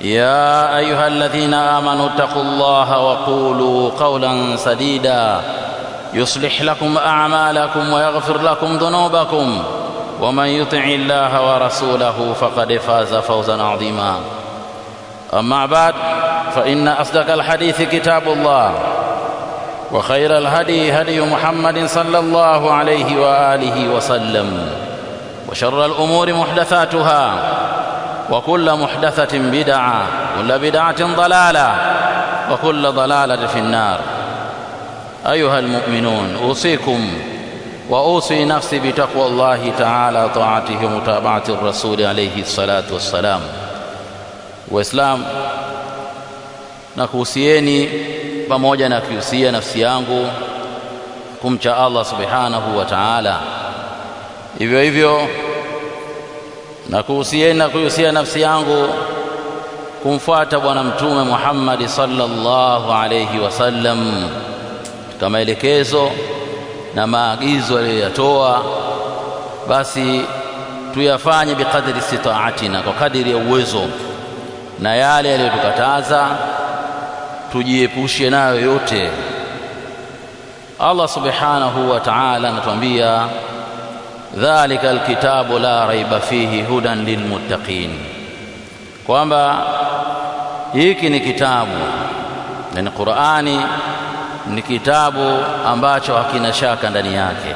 يا ايها الذين امنوا اتقوا الله وقولوا قولا سديدا يصلح لكم اعمالكم ويغفر لكم ذنوبكم ومن يطع الله ورسوله فقد فاز فوزا عظيما اما بعد فان اصدق الحديث كتاب الله وخير الهدي هدي محمد صلى الله عليه واله وسلم وشر الامور محدثاتها وكل محدثة بدعة وكل بدعة ضلالة وكل ضلالة في النار أيها المؤمنون أوصيكم وأوصي نفسي بتقوى الله تعالى طاعته ومتابعة الرسول عليه الصلاة والسلام وإسلام نكوسيني kuhusieni pamoja na kuhusia nafsi yangu kumcha Allah subhanahu wa ta'ala. Hivyo hivyo na kuhusieni na kuihusia nafsi yangu kumfuata Bwana Mtume Muhammadi sallallahu alayhi wasallam katika maelekezo na maagizo aliyoyatoa, basi tuyafanye bikadri istitaatina, kwa kadiri ya uwezo, na yale yaliyotukataza tujiepushe nayo yote. Allah subhanahu wa ta'ala anatuambia dhalika alkitabu la raiba fihi hudan lilmuttaqin, kwamba hiki ni kitabu yani Qur'ani ni kitabu ambacho hakina shaka ndani yake.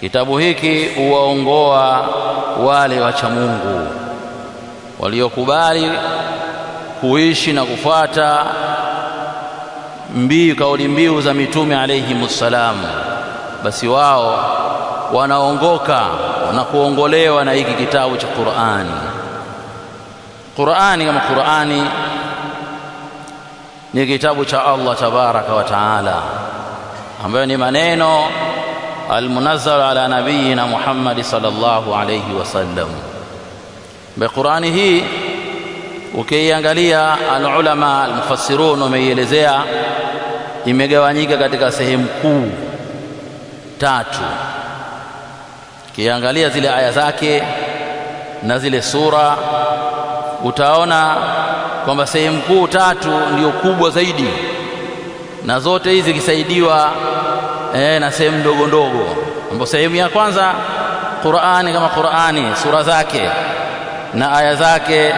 Kitabu hiki huwaongoa wale wacha Mungu waliokubali kuishi na kufuata mbiu kauli mbiu za mitume alayhimussalamu, basi wao wanaongoka na kuongolewa na hiki kitabu cha Qur'ani. Qur'ani kama Qur'ani ni kitabu cha Allah tabaraka wa taala, ambayo ni maneno almunazzal ala nabiyina Muhammad sallallahu alayhi wasallam. Be Qur'ani hii ukiiangalia, alulama almufassirun wameielezea imegawanyika katika sehemu kuu tatu kiangalia zile aya zake na zile sura utaona kwamba sehemu kuu tatu ndio kubwa zaidi na zote hizi zikisaidiwa e, na sehemu ndogo ndogo ambapo sehemu ya kwanza Qur'ani kama Qur'ani sura zake na aya zake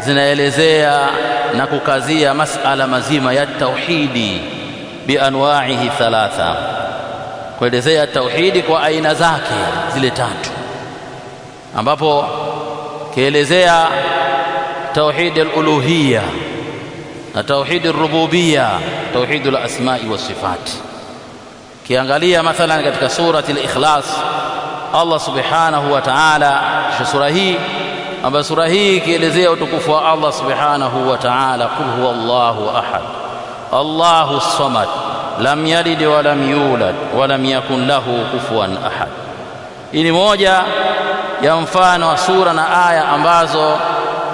zinaelezea na kukazia masala mazima ya tauhidi bianwaihi thalatha kuelezea tauhidi kwa aina zake zile tatu ambapo kielezea tauhidi aluluhiya na tauhidi rububiya tauhidi alasmai wasifati kiangalia mathalan katika surati likhlas allah subhanahu wa taala kisha sura hii ambayo sura hii ikielezea utukufu wa allah subhanahu wa taala qul huwa llahu ahad allahu samad lam yalid walam yulad walam yakun lahu kufuwan ahad. Hii ni moja ya mfano wa sura na aya ambazo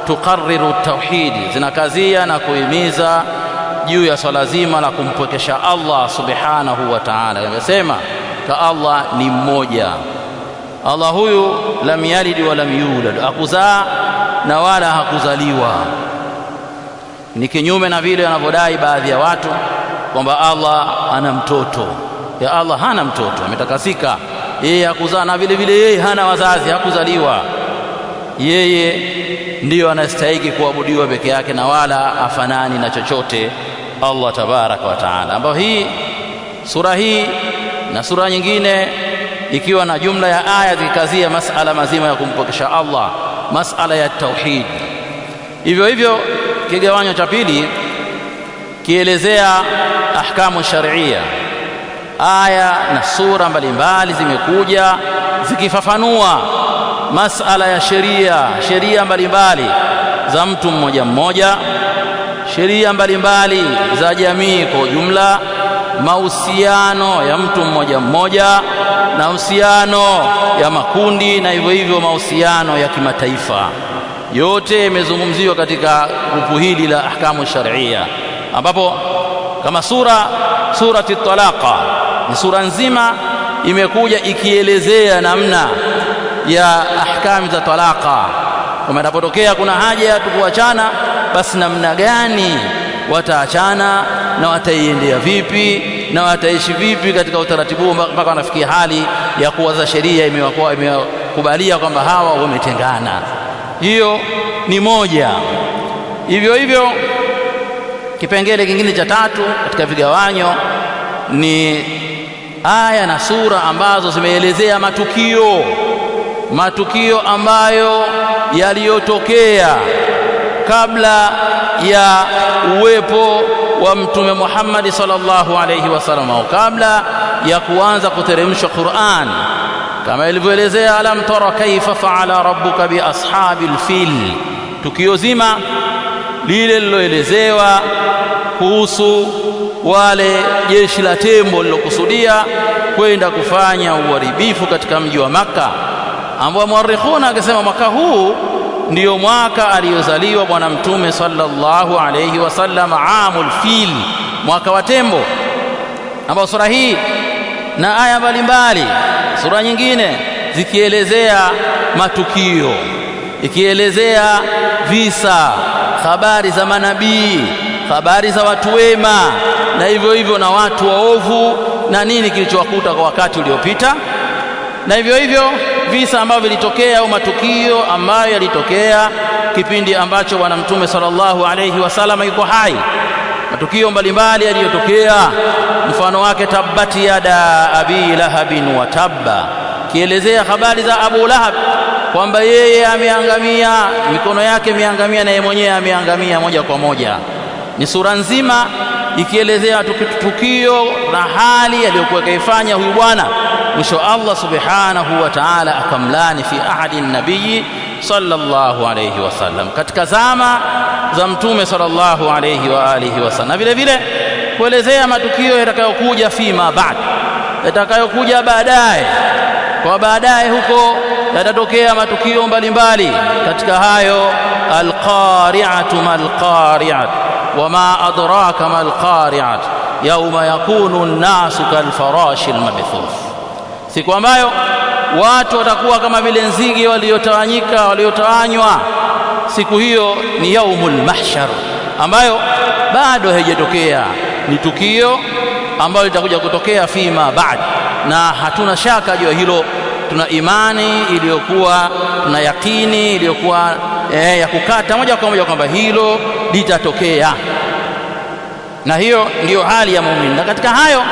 tukariru tauhidi, zinakazia na kuhimiza juu ya swala zima la kumpwekesha Allah subhanahu wa ta'ala. Amesema ka Allah ni mmoja. Allah huyu lam yalid walam yulad, hakuzaa na wala hakuzaliwa, ni kinyume na vile wanavyodai baadhi ya watu kwamba Allah ana mtoto ya Allah hana mtoto, ametakasika yeye, hakuzaa na vile vile yeye hana wazazi, hakuzaliwa. Yeye ndiyo anastahiki kuabudiwa peke yake na wala afanani na chochote Allah tabaraka wa taala, ambayo hii sura hii na sura nyingine ikiwa na jumla ya aya zikikazia masala mazima ya kumpokesha Allah, masala ya tauhid. Hivyo hivyo kigawanyo cha pili tukielezea ahkamu sharia aya na sura mbalimbali zimekuja zikifafanua masala ya sheria sheria mbalimbali za mtu mmoja mmoja sheria mbalimbali za jamii kwa ujumla mahusiano ya mtu mmoja mmoja na mahusiano ya makundi na hivyo hivyo mahusiano ya kimataifa yote imezungumziwa katika grupu hili la ahkamu sharia ambapo kama sura surati talaqa ni sura nzima imekuja ikielezea namna ya ahkami za talaqa kama inapotokea kuna haja ya watu kuachana basi namna gani wataachana na wataiendea vipi na wataishi vipi katika utaratibu mpaka wanafikia hali ya kuwa za sheria imekubalia kwamba hawa wametengana hiyo ni moja hivyo hivyo Kipengele kingine cha tatu katika vigawanyo ni aya na sura ambazo zimeelezea matukio matukio ambayo yaliyotokea kabla ya uwepo wa mtume Muhammad sallallahu alayhi wasallam au kabla ya kuanza kuteremshwa Qur'an kama ilivyoelezea alam tara kaifa faala rabbuka bi ashabil fil tukio zima lile liloelezewa kuhusu wale jeshi la tembo lilokusudia kwenda kufanya uharibifu katika mji wa Makka, ambao muarikhuna akasema mwaka huu ndiyo mwaka aliyozaliwa Bwana Mtume sallallahu alayhi wasallam, amul fil, mwaka wa tembo, ambao sura hii na aya mbalimbali, sura nyingine zikielezea matukio, ikielezea visa habari za manabii, habari za watu wema, na hivyo hivyo na watu waovu na nini kilichowakuta kwa wakati uliopita, na hivyo hivyo visa ambavyo vilitokea au matukio ambayo yalitokea kipindi ambacho Bwana Mtume sallallahu alayhi wasallam yuko hai, matukio mbalimbali yaliyotokea. Mfano wake tabbati yada abi lahabin wa tabba, kielezea habari za Abu Lahab kwamba yeye ameangamia, mikono yake imeangamia na yeye mwenyewe ameangamia moja kwa moja. Ni sura nzima ikielezea tukio na hali aliyokuwa kaifanya huyu bwana. Mwisho Allah subhanahu wa ta'ala akamlani fi ahadi nabii sallallahu alayhi wasallam, katika zama za Mtume sallallahu alayhi wa alihi wasallam, na vile vile kuelezea matukio yatakayokuja fima baad, yatakayokuja baadaye kwa baadaye huko yatatokea matukio mbalimbali katika hayo alqari'atu malqari'at wama adraka malqari'at yauma yakunu an-nasu kalfarashi almabthuth siku ambayo watu watakuwa kama vile nzige waliotawanyika waliotawanywa siku hiyo ni yaumu lmahshar ambayo bado haijatokea ni tukio ambalo litakuja kutokea fima baada na hatuna shaka juu ya hilo. Tuna imani iliyokuwa, tuna yakini iliyokuwa eh, ya kukata moja kwa moja kwamba hilo litatokea, na hiyo ndiyo hali ya muumini. Na katika hayo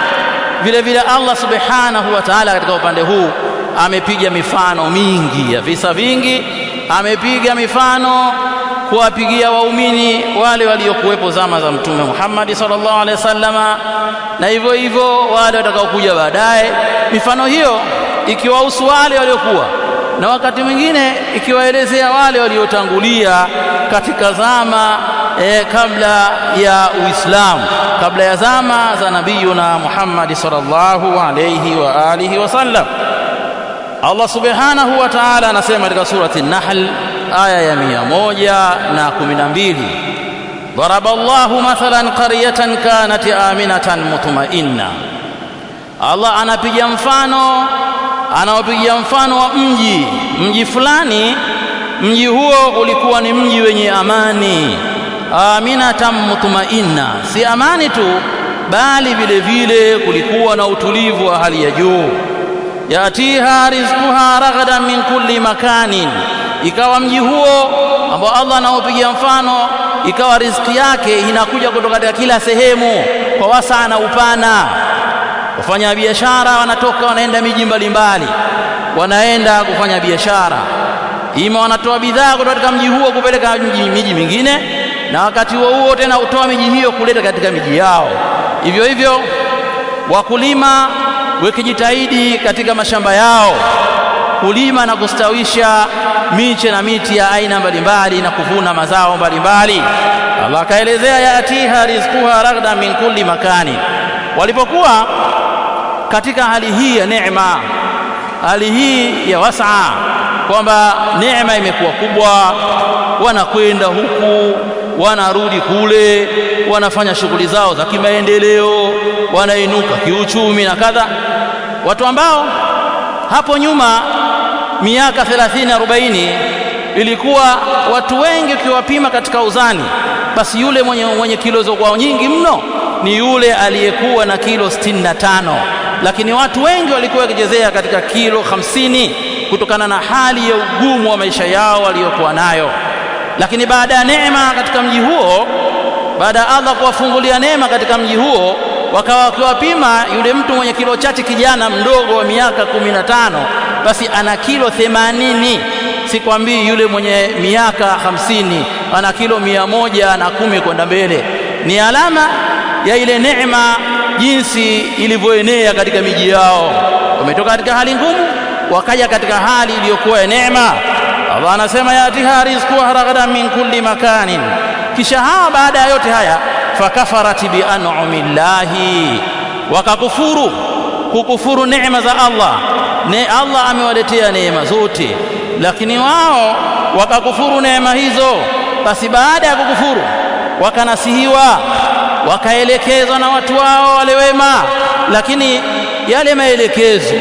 vile vile Allah subhanahu wa ta'ala, katika upande huu amepiga mifano mingi ya visa vingi, amepiga mifano kuwapigia waumini wale waliokuwepo zama za Mtume Muhammad sallallahu alaihi wasallam na hivyo hivyo wale watakaokuja baadaye. Mifano hiyo ikiwahusu wale waliokuwa na wakati mwingine ikiwaelezea wale waliotangulia katika zama e, kabla ya Uislamu, kabla ya zama za nabiyuna Muhammad sallallahu alaihi wa alihi wasallam. Allah subhanahu wa ta'ala anasema katika surati An-Nahl aya ya mia moja na kumi na mbili ضرب الله مثلا Allah anapiga mfano anaopiga mfano wa mji mji fulani mji huo ulikuwa ni mji wenye amani aminatan mutmainna si amani tu bali vile vile kulikuwa na utulivu wa hali ya juu yatiha rizquha ragadan min kulli makanin ikawa mji huo ambao Allah anaopigia mfano ikawa riziki yake inakuja kutoka katika kila sehemu kwa wasaa na upana. Wafanya biashara wanatoka wanaenda miji mbalimbali, wanaenda kufanya biashara, ima wanatoa bidhaa kutoka katika mji huo kupeleka miji, miji mingine, na wakati huo huo tena hutoa miji hiyo kuleta katika miji yao. Hivyo hivyo wakulima wakijitahidi katika mashamba yao kulima na kustawisha miche na miti ya aina mbalimbali na kuvuna mazao mbalimbali. Allah akaelezea, yatiha rizquha ragda min kulli makani. Walipokuwa katika hali hii ya neema, hali hii ya wasaa, kwamba neema imekuwa kubwa, wanakwenda huku wanarudi kule, wanafanya shughuli zao za kimaendeleo, wanainuka kiuchumi na kadha, watu ambao hapo nyuma miaka 30 40 ilikuwa watu wengi ukiwapima katika uzani basi yule mwenye, mwenye kilo zokuwa nyingi mno ni yule aliyekuwa na kilo 65 lakini watu wengi walikuwa wakichezea katika kilo 50 kutokana na hali ya ugumu wa maisha yao waliokuwa nayo lakini baada ya neema katika mji huo baada ya Allah kuwafungulia neema katika mji huo wakawa wakiwapima yule mtu mwenye kilo chache, kijana mdogo wa miaka kumi na tano basi ana kilo themanini. Sikwambii yule mwenye miaka hamsini ana kilo mia moja na kumi kwenda mbele. Ni alama ya ile neema jinsi ilivyoenea katika miji yao. Wametoka katika hali ngumu, wakaja katika hali iliyokuwa ya neema. Allah anasema yatiha rizquha raghadan min kulli makanin. Kisha hawa baada ya yote haya fakafarat bianumi llahi, wakakufuru kukufuru neema za Allah. Ne Allah amewaletea neema zote, lakini wao wakakufuru neema hizo. Basi baada ya kukufuru wakanasihiwa, wakaelekezwa na watu wao wale wema, lakini yale maelekezo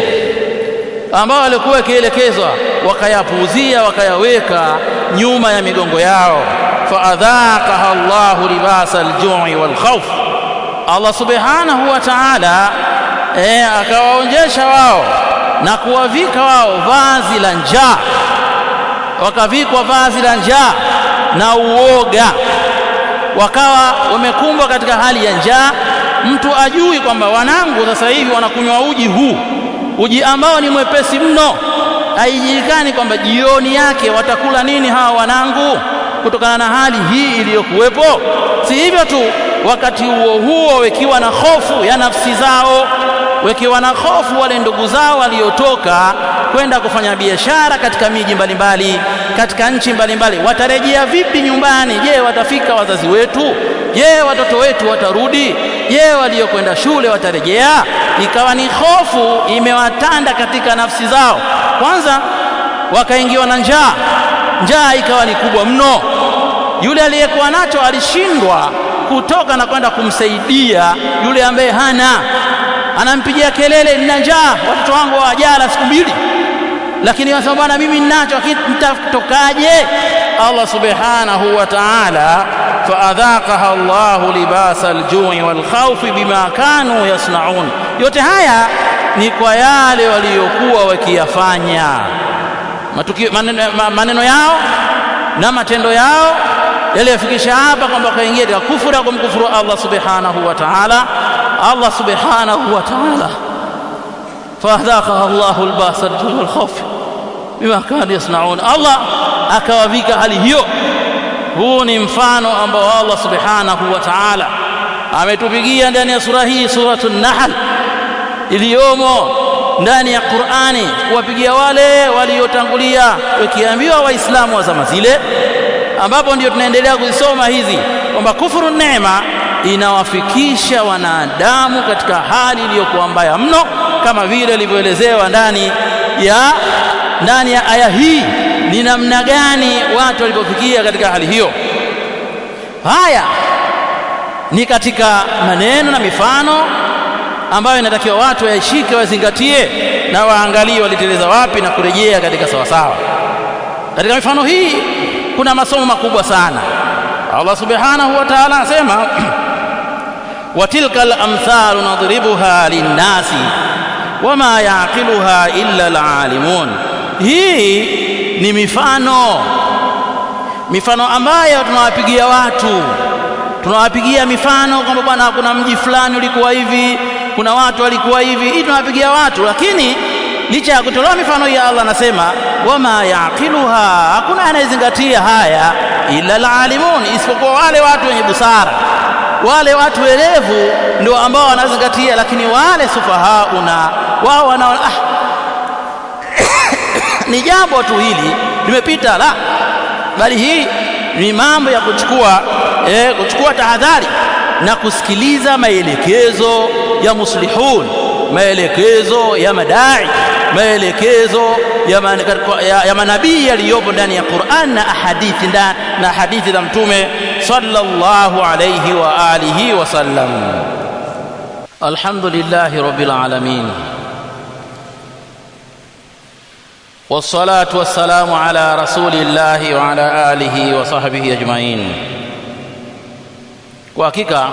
ambao walikuwa wakielekezwa wakayapuuzia, wakayaweka nyuma ya migongo yao faadhaqaha Allahu libasa aljui walkhauf, Allah subhanahu wa taala e, akawaonjesha wao na kuwavika wao vazi la njaa, wakavikwa vazi la njaa na uoga, wakawa wamekumbwa katika hali ya njaa. Mtu ajui kwamba wanangu sasa hivi wanakunywa uji huu, uji ambao ni mwepesi mno, haijulikani kwamba jioni yake watakula nini hawa wanangu kutokana na hali hii iliyokuwepo. Si hivyo tu, wakati huo huo wekiwa na hofu ya nafsi zao, wekiwa na hofu wale ndugu zao waliotoka kwenda kufanya biashara katika miji mbalimbali, katika nchi mbalimbali, watarejea vipi nyumbani? Je, watafika wazazi wetu? Je, watoto wetu watarudi? Je, waliokwenda shule watarejea? Ikawa ni hofu imewatanda katika nafsi zao, kwanza wakaingiwa na njaa njaa ikawa ni kubwa mno. Yule aliyekuwa nacho alishindwa kutoka na kwenda kumsaidia yule ambaye hana, anampigia kelele, nina njaa, watoto wangu hawajala siku mbili, lakini wasema bwana, mimi ninacho, nitatokaje? Allah subhanahu wa ta'ala adhaqaha Allahu libasa aljui walkhaufi bima kanu yasnaun. Yote haya ni kwa yale waliokuwa wakiyafanya matukio, maneno, maneno yao na matendo yao yaliyofikisha hapa kwamba kaingia katika kufuru ya kumkufuru Allah subhanahu wa ta'ala. Allah subhanahu wa ta'ala faadhaqaha Allahu albasa al bima kanu yasnaun, Allah akawavika hali hiyo. Huu ni mfano ambao Allah subhanahu wa ta'ala ametupigia ndani ya sura hii, suratu Nahl iliyomo ndani ya Qur'ani kuwapigia wale waliotangulia, wakiambiwa Waislamu wa zama zile, ambapo ndio tunaendelea kuzisoma hizi kwamba kufuru neema inawafikisha wanadamu katika hali iliyokuwa mbaya mno, kama vile ilivyoelezewa ndani ya ndani ya aya hii, ni namna gani watu walipofikia katika hali hiyo. Haya ni katika maneno na mifano ambayo inatakiwa watu waishike wazingatie na waangalie waliteleza wapi na kurejea katika sawasawa. Katika mifano hii kuna masomo makubwa sana. Allah subhanahu wa ta'ala asema watilka al-amthalu nadribuha linnasi wama yaqiluha illa alalimun, hii ni mifano, mifano ambayo tunawapigia watu tunawapigia mifano kwamba bwana, kuna mji fulani ulikuwa hivi, kuna watu walikuwa hivi. Hii tunawapigia watu, lakini licha ya kutolewa mifano ya Allah anasema wama yaqiluha, hakuna anayezingatia haya illa alalimun, isipokuwa wale watu wenye busara, wale watu werevu ndio ambao wanazingatia, lakini wale sufahauna, wao wanaona ah, ni jambo tu hili limepita, la bali hii ni mambo ya kuchukua eh, kuchukua tahadhari na kusikiliza maelekezo ya muslihun maelekezo ya madai maelekezo ya, man, ya, ya manabii yaliyopo ndani ya Qur'an na ahadithi na, na hadithi za mtume sallallahu alayhi wa alihi wasallam alhamdulillahi rabbil alamin والصلاة والسلام على رسول الله وعلى آله وصحبه أجمعين وحقيقة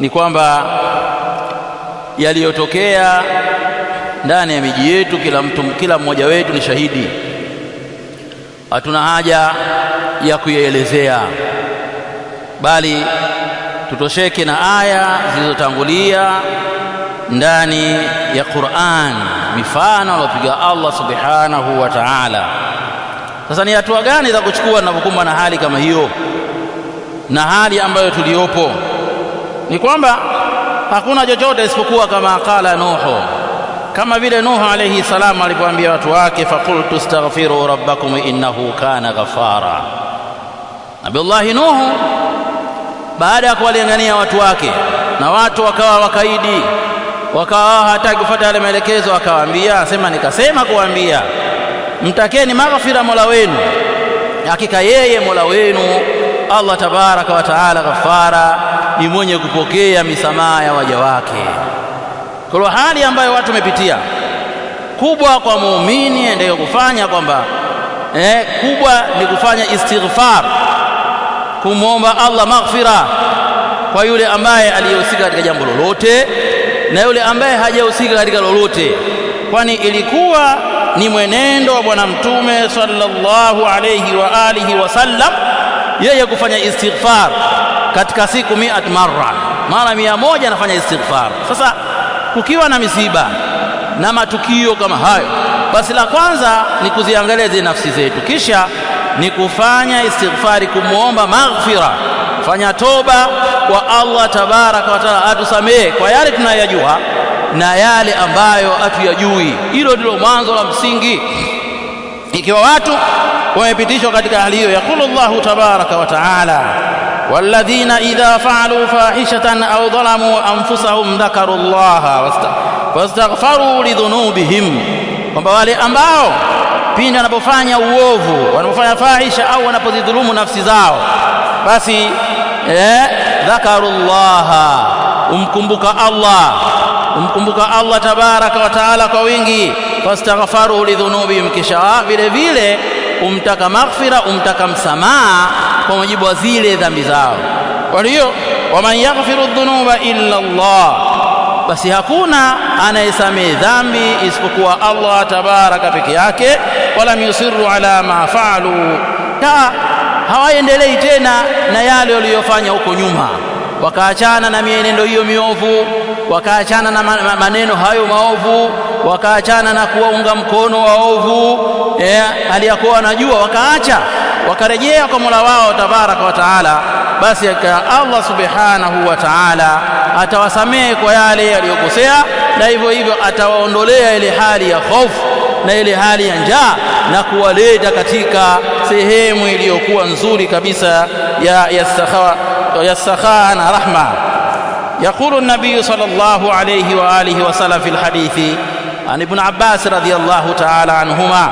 ni kwamba yaliyotokea ndani ya miji yetu, kila mtu, kila mmoja wetu ni shahidi. Hatuna haja ya kuyaelezea, bali tutosheke na aya zilizotangulia ndani ya Qur'an, mifano aliyopiga Allah subhanahu wa ta'ala. Sasa ni hatua gani za kuchukua tunapokumbana na hali kama hiyo na hali ambayo tuliyopo? ni kwamba hakuna chochote isipokuwa kama akala nuhu kama vile nuhu alayhi salam alipoambia watu wake faqultu astaghfiru rabbakum innahu kana ghafara nabiullahi nuhu baada ya kuwalingania watu wake na watu wakawa wakaidi wakawa hata kufuata yale maelekezo akawaambia sema nikasema kuwaambia mtakeni maghfira mola wenu hakika yeye mola wenu allah tabaraka wa taala ghafara ni mwenye kupokea misamaha ya waja wake. Kwa hali ambayo watu wamepitia kubwa kwa muumini endelee kufanya kwamba eh, kubwa ni kufanya istighfar, kumwomba Allah maghfira kwa yule ambaye aliyehusika katika jambo lolote na yule ambaye hajahusika katika lolote, kwani ilikuwa ni mwenendo wa Bwana Mtume sallallahu alayhi wa alihi wasallam yeye kufanya istighfar katika siku miat marra, mara mia moja anafanya istighfar. Sasa kukiwa na misiba na matukio kama hayo, basi la kwanza ni kuziangalia zile nafsi zetu, kisha ni kufanya istighfari, kumwomba maghfira, fanya toba kwa Allah tabaraka wa taala, atusamehe kwa yale tunayajua na yale ambayo hatuyajui. Hilo ndilo mwanzo la msingi. Ikiwa watu wamepitishwa katika hali hiyo, yaqulu Allahu tabaraka wa taala والذين إذا فعلوا فاحشة أو ظلموا أنفسهم ذكروا الله واستغفروا لذنوبهم وبوالي أمباو بين نبوفانيا ووفو ونبوفانيا فاحشة أو نبوزي ظلوم نفسي زاو بس إيه؟ ذكروا الله أمكمبك الله أمكمبك الله تبارك وتعالى كوينجي فاستغفروا لذنوبهم كشاء بلي بلي أمتك مغفرة أمتك مسماء kwa mujibu wa zile dhambi zao. Kwa hiyo waman yaghfiru dhunuba illa Allah, basi hakuna anayesamehe dhambi isipokuwa Allah tabaraka peke yake. Walam yusiru ala ma faalu, na hawaendelei tena na yale waliyofanya huko nyuma, wakaachana na mienendo hiyo miovu, wakaachana na maneno hayo maovu, wakaachana na kuwaunga mkono waovu, eh, hali ya kuwa wanajua wakaacha wakarejea kwa Mola wao tabaraka wa taala, basi Allah subhanahu wa taala atawasamehe kwa yale yaliyokosea, na hivyo hivyo atawaondolea ile hali ya hofu na ile hali ya njaa na kuwaleta katika sehemu iliyokuwa nzuri kabisa ya yasakha yasakha na rahma. Yaqulu nabiyu nabiy sallallahu alayhi wa alihi wa sallam fi al-hadithi an ibn Abbas radiyallahu ta'ala anhuma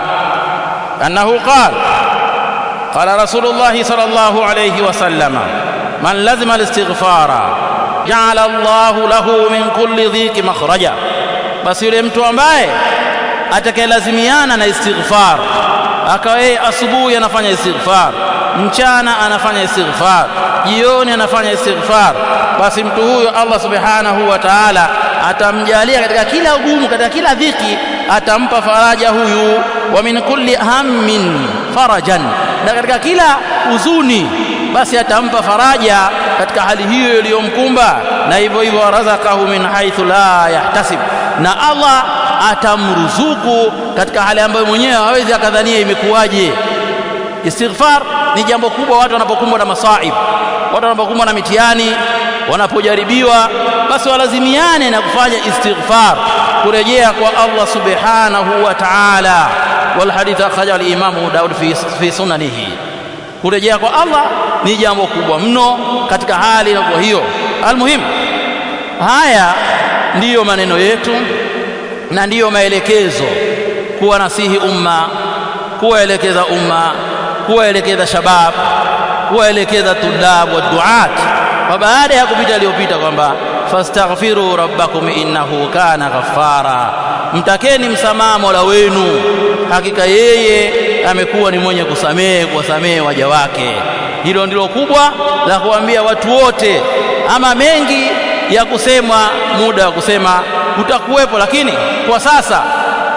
annahu qala قال رسول الله صلى الله عليه وسلم من لزم الاstighfara jaala Allahu lahu min kulli dhiki makhraja, basi yule mtu ambaye atakayelazimiana na istighfar akawa yeye asubuhi anafanya istighfar, mchana anafanya istighfar, jioni anafanya istighfar, basi mtu huyo Allah subhanahu wa ta'ala atamjalia katika kila ugumu katika kila dhiki atampa faraja huyu wa min kulli hammin farajan na katika kila huzuni basi atampa faraja katika hali hiyo iliyomkumba na hivyo hivyo razakahu min haithu la yahtasib na Allah atamruzuku katika hali ambayo mwenyewe hawezi akadhania imekuwaje istighfar ni jambo kubwa watu wanapokumbwa na masaib watu wanapokumbwa na mitihani wanapojaribiwa basi walazimiane na kufanya istighfar kurejea kwa Allah subhanahu wa ta'ala wal hadith akhaja al imamu Daud fi, fi sunanihi kurejea kwa Allah ni jambo kubwa mno katika hali na kwa hiyo almuhimu haya ndiyo maneno yetu na ndiyo maelekezo kuwa nasihi umma kuwaelekeza umma kuwaelekeza shabab kuwaelekeza tulab wa duat kwa baada ya kupita aliyopita kwamba fastaghfiru rabbakum innahu kana ghaffara, mtakeni msamaha mola wenu, hakika yeye amekuwa ni mwenye kusamehe, kuwasamehe waja wake. Hilo ndilo kubwa la kuambia watu wote, ama mengi ya kusemwa, muda wa kusema utakuwepo, lakini kwa sasa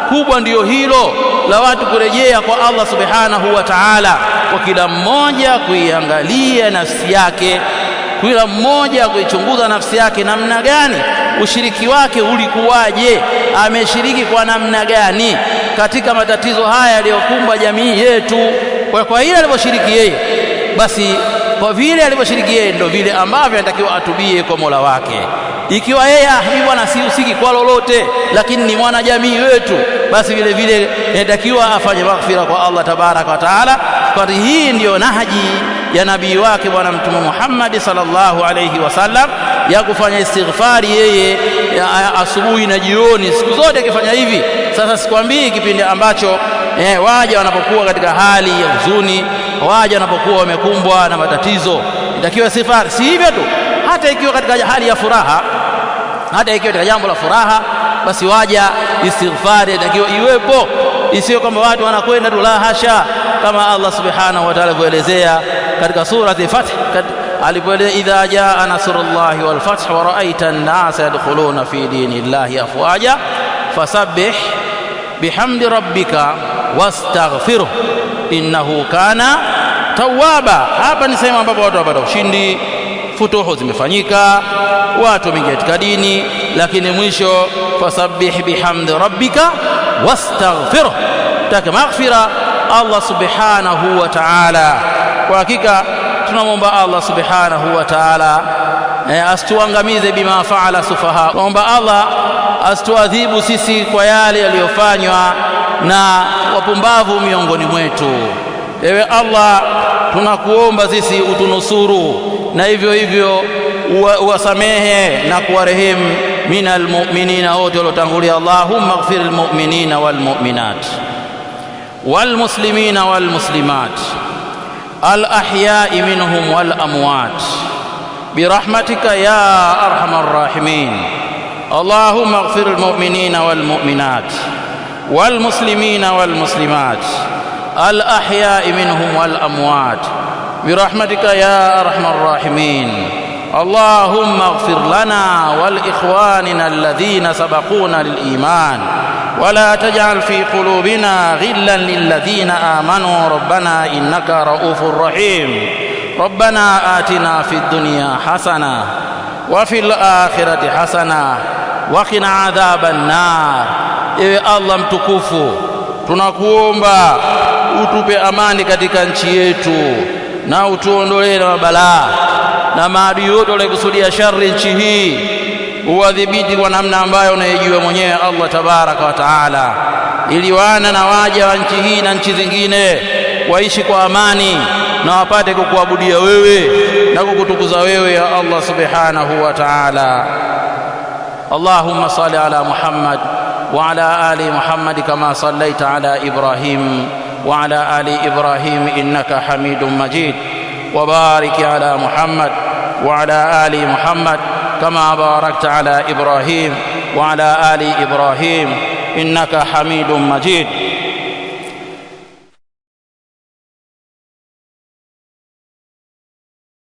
kubwa ndiyo hilo la watu kurejea kwa Allah subhanahu wa ta'ala, kwa kila mmoja kuiangalia nafsi yake kila mmoja kuichunguza nafsi yake namna gani, ushiriki wake ulikuwaje, ameshiriki kwa namna gani katika matatizo haya yaliyokumba jamii yetu. Kwa, kwa ile alivyoshiriki yeye, basi kwa vile alivyoshiriki yeye ndio vile ambavyo anatakiwa atubie kwa Mola wake. Ikiwa yeye hivi bwana, sihusiki kwa lolote, lakini ni mwana jamii wetu, basi vile vile inatakiwa afanye maghfira kwa Allah tabaraka wa taala, kwa hii ndiyo nahaji ya nabii wake bwana mtume Muhammad sallallahu alayhi wasallam ya kufanya istighfari yeye asubuhi na jioni siku zote akifanya hivi sasa sikwambii kipindi ambacho eh, waja wanapokuwa katika hali ya huzuni waja wanapokuwa wamekumbwa na matatizo itakiwa istighfari si hivyo tu hata ikiwa katika hali ya furaha hata ikiwa katika jambo la furaha basi waja istighfari itakiwa iwepo isiyo kwamba watu wanakwenda tu la hasha kama Allah subhanahu wa ta'ala kuelezea katika surati Fath alipoeleza idha jaa nasrullahi wal fath wa ra'aita an-nasa yadkhuluna fi dinillahi afwaja fasabbih bihamdi rabbika wastaghfirhu innahu kana tawwaba hapa ni sehemu ambapo watu wapata ushindi futuhu zimefanyika watu wameingia katika dini lakini mwisho fasabbih bihamdi rabbika wastaghfirhu taka maghfira Allah subhanahu wa ta'ala. Kwa hakika tunamwomba Allah subhanahu wa ta'ala e, asituangamize bima faala sufaha. Tunaomba Allah asituadhibu sisi kwa yale yaliyofanywa na wapumbavu miongoni mwetu. Ewe Allah, tunakuomba sisi utunusuru na hivyo hivyo uwasamehe na kuwarehemu minal mu'minina wote waliotangulia. Allahumma ighfir lmuminina walmu'minat والمسلمين والمسلمات الأحياء منهم والأموات برحمتك يا أرحم الراحمين اللهم اغفر المؤمنين والمؤمنات والمسلمين والمسلمات الأحياء منهم والأموات برحمتك يا أرحم الراحمين اللهم اغفر لنا ولإخواننا الذين سبقونا للإيمان ولا تجعل في قلوبنا غلا للذين امنوا ربنا انك رؤوف رحيم ربنا اتنا في الدنيا حسنه وفي الاخره حسنه وقنا عذاب النار اي الله متكفو tunakuomba utupe amani katika nchi yetu na utuondolee na mabalaa na maadui yote walikusudia shari nchi hii uwadhibiti kwa namna ambayo unayejua mwenyewe Allah tabaraka wa taala, ili wana na waja wa nchi hii na nchi zingine waishi kwa amani na wapate kukuabudia wewe na kukutukuza wewe ya Allah subhanahu wa taala. Allahumma salli ala Muhammad wa ala ali Muhammad kama sallaita ala Ibrahim wa ala ali Ibrahim innaka hamidun majid wa barik ala Muhammad wa ala ali Muhammad كما باركت على ابراهيم وعلى ال ابراهيم انك حميد مجيد